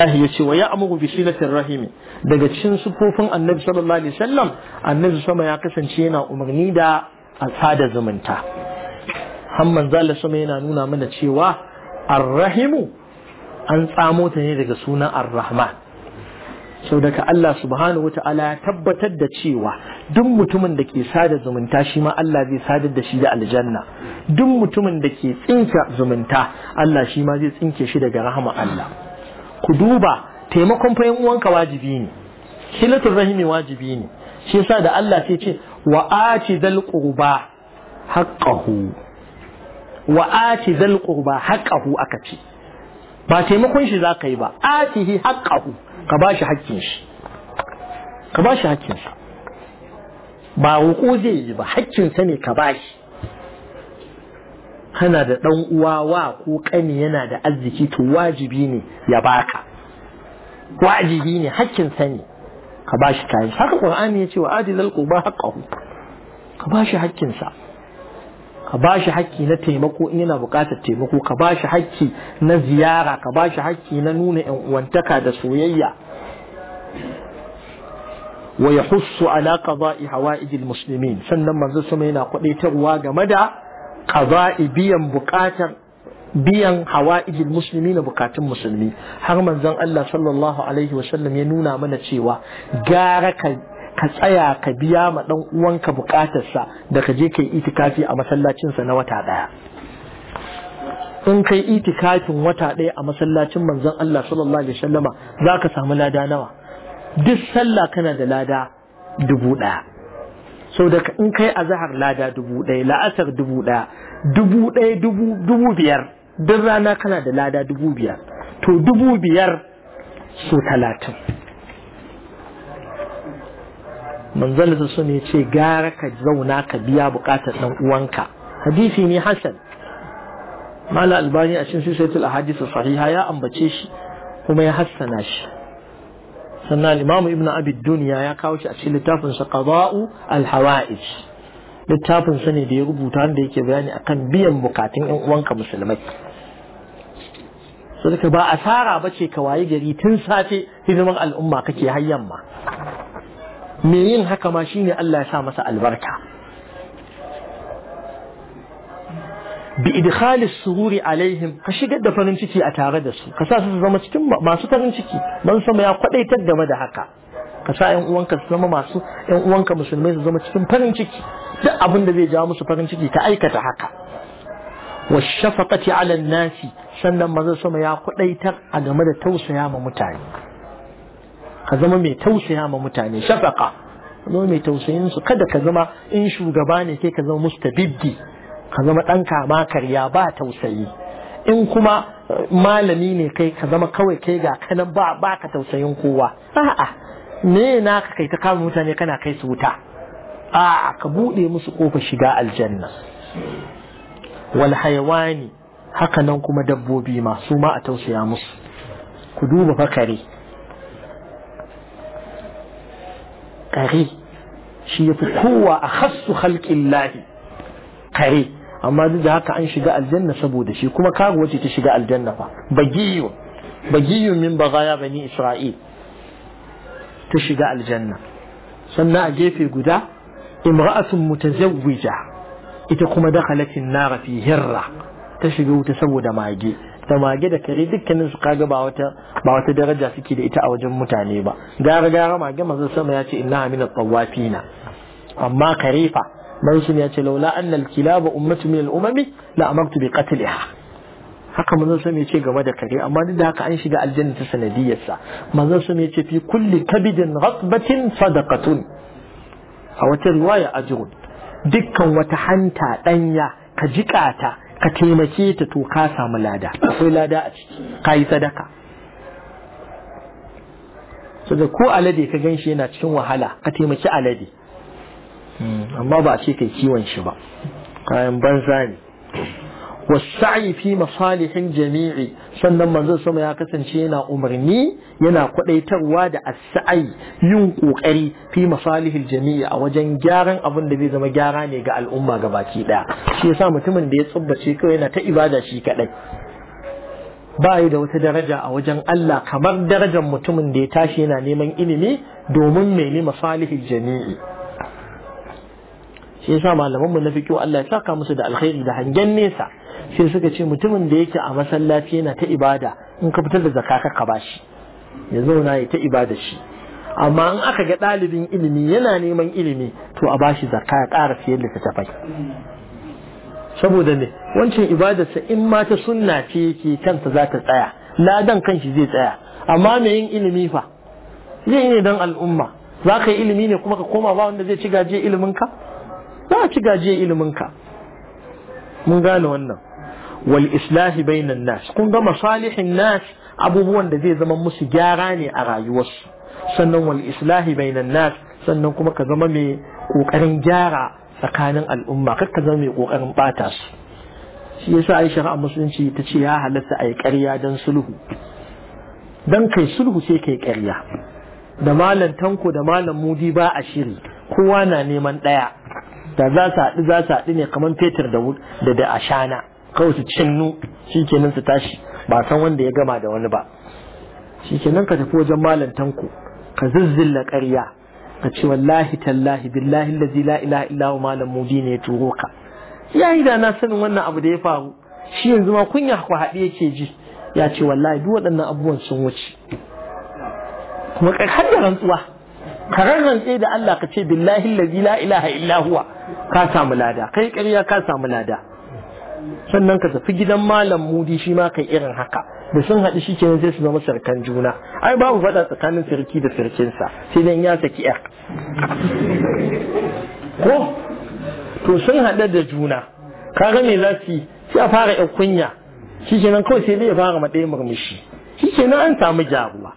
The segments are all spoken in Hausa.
Allah ya ce wa ya amuru bi silatir rahimi daga cikin sufofin annabi sallallahu alaihi wasallam annabi sama ya kasance yana umarni da sada zumunta hamman zalla sama yana nuna mana cewa arrahimu an tsamo ta ne daga sunan arrahma. sau daga Allah subhanahu wa ta'ala ya tabbatar da cewa duk mutumin da ke sada zumunta shi ma Allah zai sadar da shi da aljanna duk mutumin da ke tsinka zumunta Allah shi ma zai tsinke shi daga rahama Allah ku duba taimakon fayin uwanka wajibi ne hilatul rahimi wajibi ne shi yasa da Allah sai ce wa ati dal qurba haqqahu wa ati dal qurba haqqahu aka ce ba taimakon shi zaka yi ba atihi haqqahu ka shi haƙƙin shi ka shi haƙƙin shi ba wuku zai yi ba haƙƙin sa ne ka shi. kana da dan uwa wa ko kani yana da arziki to wajibi ne ya baka wajibi ne hakkin sani ka bashi shi kayan haka qur'ani ya ce wa adilal quba haqqahu ka bashi hakkin sa ka bashi hakki na taimako in yana buƙatar taimako ka bashi hakki na ziyara ka bashi hakki na nuna yan uwantaka da soyayya wa yahussu ala qada'i hawaijil muslimin sannan manzo sama yana kwadaitarwa game da قضاء بيان بكاتر بيان حوائج المسلمين بكاتر مسلمي حرم زن الله صلى الله عليه وسلم ينونا من تشيوا جارك كسايا كبيا مدن وانك بكاتر سا دك جيك اتكافي اما صلى الله عليه وسلم in kai itikafin wata ɗaya a masallacin manzon Allah sallallahu alaihi wasallama zaka samu lada nawa duk sallah kana da lada Sau da in kai a zahar lada dubu ɗaya la'asar dubu ɗaya dubu ɗaya dubu biyar duk rana kana da lada dubu biyar to dubu biyar so talatin manzon su sun ce gara ka zauna ka biya bukatar ɗan uwanka hadisi ne Hassan. mala albani a cikin sisatul ahadith sahiha ya ambace shi kuma ya hassana shi sannan imamu ibn Abid duniya ya kawo shi a cikin littafin sa qada'u al-hawa'ij littafin sa ne da ya rubuta wanda yake bayani akan biyan bukatun yan uwanka musulmai sadaka ba asara ce ka waye gari tun safe hidiman al'umma kake har yamma me yin haka ma shine Allah ya sa masa albarka bi idkhalis sururi alaihim ka shigar da farin ciki a tare da su ka sa su zama cikin masu farin ciki man sama ya kwadaitar game da haka ka sa 'yan uwanka su zama masu yan uwanka musulmai su zama cikin farin ciki duk abin da zai jawo musu farin ciki ka aikata haka shafaqati ala nasi sannan manzon sama ya kwadaitar a game da tausaya ma mutane ka zama mai tausaya ma mutane shafaqa zama mai tausayin su kada ka zama in shugaba ne sai ka zama mustabiddi ka zama ɗan kama karya ba tausayi in kuma eh, malami ne kai ka zama kawai kai ga kanan ba ba ka tausayin kowa a'a me na ka kai ta kama mutane kana kai su wuta a'a ka buɗe musu ƙofa shiga aljanna wal hayawani haka nan kuma dabbobi ma su ma a tausaya musu ku duba fa kare kare shi yafi kowa a khassu khalqin lahi kare amma duk da haka an shiga aljanna saboda shi kuma kaga wace ta shiga aljanna fa bagiyu bagiyu min bagaya bani isra'il ta shiga aljanna sannan a gefe guda imra'atun mutazawwija ita kuma dakhalatin nar fi hirra ta shiga wuta saboda mage da mage da kare dukkanin su kaga ba wata ba wata daraja suke da ita a wajen mutane ba gara gara mage manzon sama ya ce inna min at-tawafina amma karefa mansun ya ce laula annal kilaba ummatu min al la amartu bi qatliha haka manzon sun ya ce game da kare amma duk da haka an shiga aljanna ta sanadiyarsa manzon sun ya ce fi kulli kabidin ratbatin sadaqatun a wata riwaya ajrun dukkan wata hanta ɗanya ka jika ta ka taimake ta to ka samu lada akwai lada a ciki ka yi sadaka saboda ko alade ka ganshi yana cikin wahala ka taimaki alade amma ba a ce kai kiwon shi ba kayan banza ne sa'i fi masalihin jami'i sannan manzon sama ya kasance yana umarni yana kwadaitarwa da as-sa'i yin kokari fi masalihil jami'i a wajen gyaran abin da zai zama gyara ne ga al'umma baki daya shi yasa mutumin da ya tsubbace kawai yana ta ibada shi kadai ba yi da wata daraja a wajen Allah kamar darajar mutumin da ya tashi yana neman ilimi domin mai ne masalihil jami'i shi yasa malaman mu na fiqh Allah ya saka musu da alkhairi da hangen nesa sai suka ce mutumin da yake a masallaci yana ta ibada in ka fitar da zakka ka bashi ya zauna ya ta ibada shi amma in aka ga ɗalibin ilimi yana neman ilimi to a bashi zakka ya ƙara fiye da tafai saboda ne wancan ibadarsa in ma ta sunna ce yake kanta za ta tsaya ladan kanshi zai tsaya amma mai yin ilimi fa zai ne don al'umma za ka yi ilimi ne kuma ka koma ba wanda zai ci gaje ka? za a ci gajiyar iliminka mun gane wannan wal islahi bainan nas kun ga masalihin nas abubuwan da zai zama musu gyara ne a rayuwarsu sannan wal islahi bainan nas sannan kuma ka zama mai kokarin gyara tsakanin al'umma kar ka zama mai kokarin bata su shi yasa ai shari'a musulunci ta ce ya halatta ai ƙarya dan sulhu dan kai sulhu sai kai ƙarya da malam tanko da malam mudi ba a shiri kowa na neman ɗaya da za su haɗu za su haɗu ne kamar fetur da da ashana kawai su cinnu shikenan su tashi ba san wanda ya gama da wani ba nan ka tafi wajen malam tanku ka zizzilla ƙarya ka ce wallahi tallahi billahi allazi la ilaha illa malam mudi ne ya turo ka yi da na sanin wannan abu da ya faru shi yanzu ma kunya ku haɗe yake ji ya ce wallahi duk waɗannan abubuwan sun wuce kuma har da rantsuwa ka rarrantse da Allah ka ce billahi allazi la ilaha illa ka samu lada kai ƙarya ka samu lada sannan ka tafi gidan malam mudi shi ma kai irin haka da sun haɗu shi kenan sai su zama sarkan juna ai babu faɗa tsakanin sarki da sarkinsa sai dan ya saki ƴar ko to sun haɗu da juna kaga me za su sai a fara ƴan kunya shi kenan kawai sai dai ya fara maɗaya murmushi shi kenan an samu jaruwa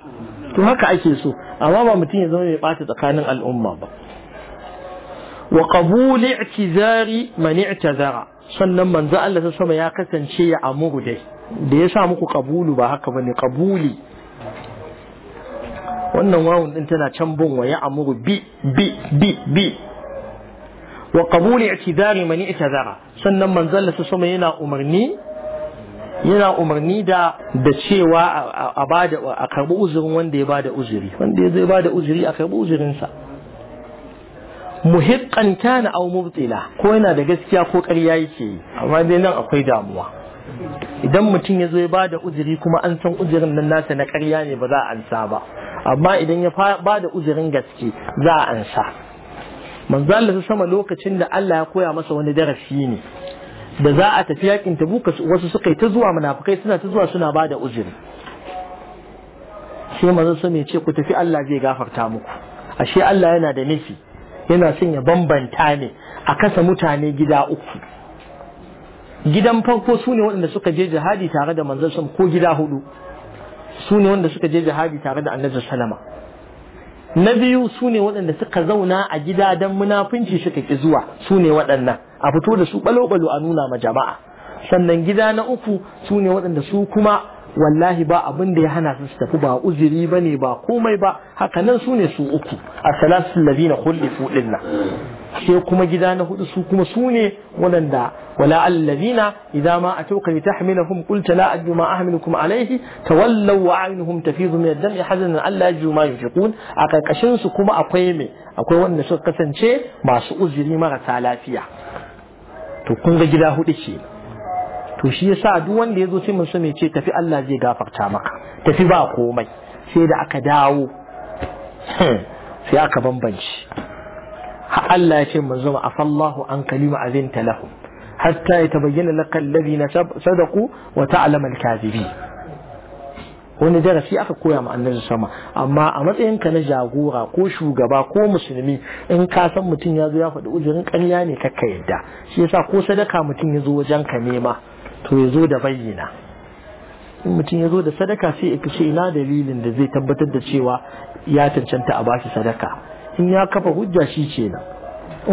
to haka ake so amma ba mutum ya zama mai bata tsakanin al'umma ba wa qabul i'tizari man i'tazara sannan manzo Allah ta sama ya kasance ya amuru dai da ya sa muku qabulu ba haka bane qabuli wannan wawun din tana can bin wa ya amuru bi bi bi bi wa qabul i'tizari man i'tazara sannan manzo Allah ta sama yana umarni yana umarni da da cewa a bada a karbi uzurin wanda ya bada uzuri wanda ya zai bada uzuri a karbi uzurinsa muhiqqan kana aw mubtila ko yana da gaskiya ko ƙarya yake yi amma dai nan akwai damuwa idan mutum ya zo ya bada uzuri kuma an san uzurin nan nasa na ƙarya ne ba za a ansa ba amma idan ya bada uzurin gaske za a ansa manzo Allah sama lokacin da Allah ya koya masa wani darasi ne da za a tafi yakin tabu wasu suka yi ta zuwa munafukai suna ta zuwa suna bada uzuri sai mazan sami ce ku tafi Allah zai gafarta muku ashe Allah yana da nufi yana son ya bambanta ne a kasa mutane gida uku gidan farko su ne waɗanda suka je jihadi tare da manzon sam ko gida hudu su ne waɗanda suka je jihadi tare da annabi salama. na biyu su ne waɗanda suka zauna a gida don munafunci suka ki zuwa su ne waɗannan a fito da su balo-balo a nuna ma jama'a sannan gida na uku su ne waɗanda su kuma wallahi ba abin da ya hana su su tafi ba uzuri ba ne ba komai ba haka nan su ne su uku a salasun lazi na hulli fuɗin nan sai kuma gida na hudu su kuma su ne waɗanda wala allazina idza ma a ta atawka litahmilahum qulta la ajju ma ahmilukum alayhi tawallaw wa aynuhum tafizu min ad-dam'i hazanan alla yajju ma yunfiqun a karkashin su kuma akwai me akwai wanda suka kasance masu uzuri marasa lafiya to kun ga gida hudu ce to shi yasa duk wanda yazo sai mun mai ce tafi Allah zai gafarta maka tafi ba komai sai da aka dawo sai aka bambance ha Allah ya ce mun manzo afallahu an kalima azinta lahum hatta yatabayyana lakal ladina sadaqu wa ta'lamal kadhibin wani darasi aka koya ma annabi sama amma a matsayin ka na jagora ko shugaba ko musulmi in ka san mutum ya zo ya faɗi ujirin ƙarya ne kakka yadda shi yasa ko sadaka mutum ya zo wajen ka nema to ya zo da bayyana in mutum ya zo da sadaka sai ya kashe ina dalilin da zai tabbatar da cewa ya cancanta a bashi sadaka in ya kafa hujja shi ce kenan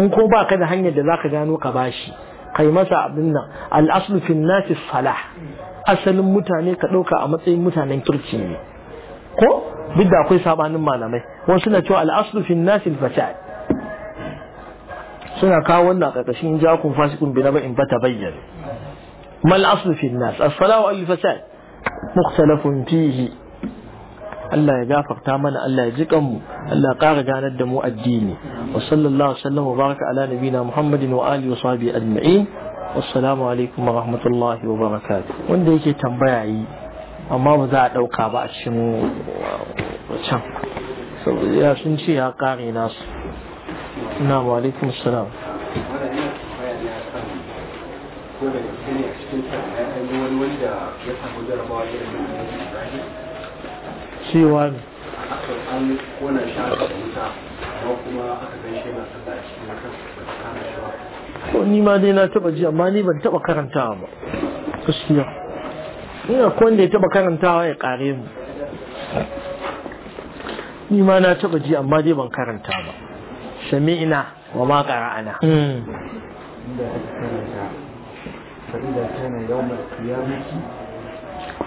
in ko ba ka da hanyar da zaka gano ka bashi kai masa abin nan al-aslu fi nasi salah asalin mutane ka dauka a matsayin mutanen kirki ne ko duk da akwai sabanin malamai wasu na cewa al'aslu fi nasi al-fasad suna kawo wannan a ƙarƙashin jakun fasikun bi na ba'in ba bayyana mal aslu fi nas as-salahu al-fasad mukhtalafun fihi Allah ya gafarta mana Allah ya jikan mu Allah ya ƙara ganar da mu addini wa sallallahu alaihi wa sallam wa baraka ala nabina Muhammadin wa alihi wa sahbihi ajma'in والسلام عليكم ورحمة الله وبركاته وانا يجي تنبعي اما مزاعة اوقع بعد شنو وشم يا شنشي يا قاري ناس نعم عليكم السلام شي ni ma dai na taba ji amma ni ban taba karantawa ba gaskiya ina kwan da ya taba karantawa ya kare mu ni ma na taba ji amma dai ban karanta ba sami'na wa ma hmm.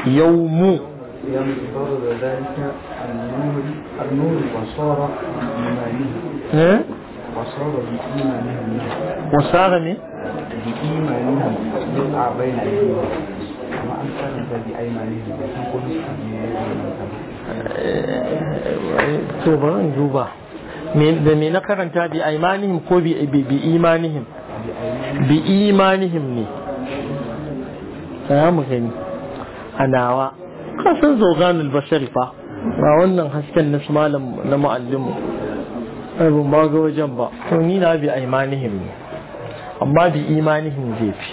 Yau mu. ينفرد ذلك النور النور وصار بإيمانه إيه؟ وصار بإيمانهم وصار من؟ بإيمانهم يقع بين أيديهم وما أنفرد بأيمانهم يقول to bari in duba da me na karanta bi aimanihim ko kasan zogan albashari fa ba wannan hasken na malam na mu'allimu ai ban ba ga wajen ba to ni na bi imanihim ne amma bi imanihim zai fi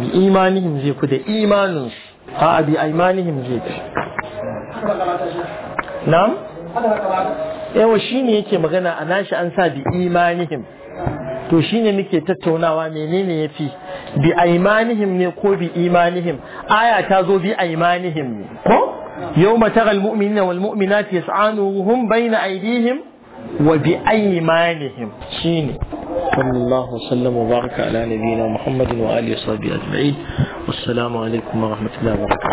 bi imanihim zai ku da imanin a bi imanihim zai fi na'am yawa shine yake magana a nashi an sa bi imanihim to shine muke tattaunawa menene ya fi bi aimanihim ne ko bi imanihim aya ta zo bi aimanihim ne ko yawma taral mu'minina wal mu'minat yas'anuhum bayna aydihim wa bi aimanihim shine sallallahu sallam wa baraka ala nabiyina muhammadin wa alihi wa sahbihi ajma'in wassalamu alaikum wa rahmatullahi wa barakatuh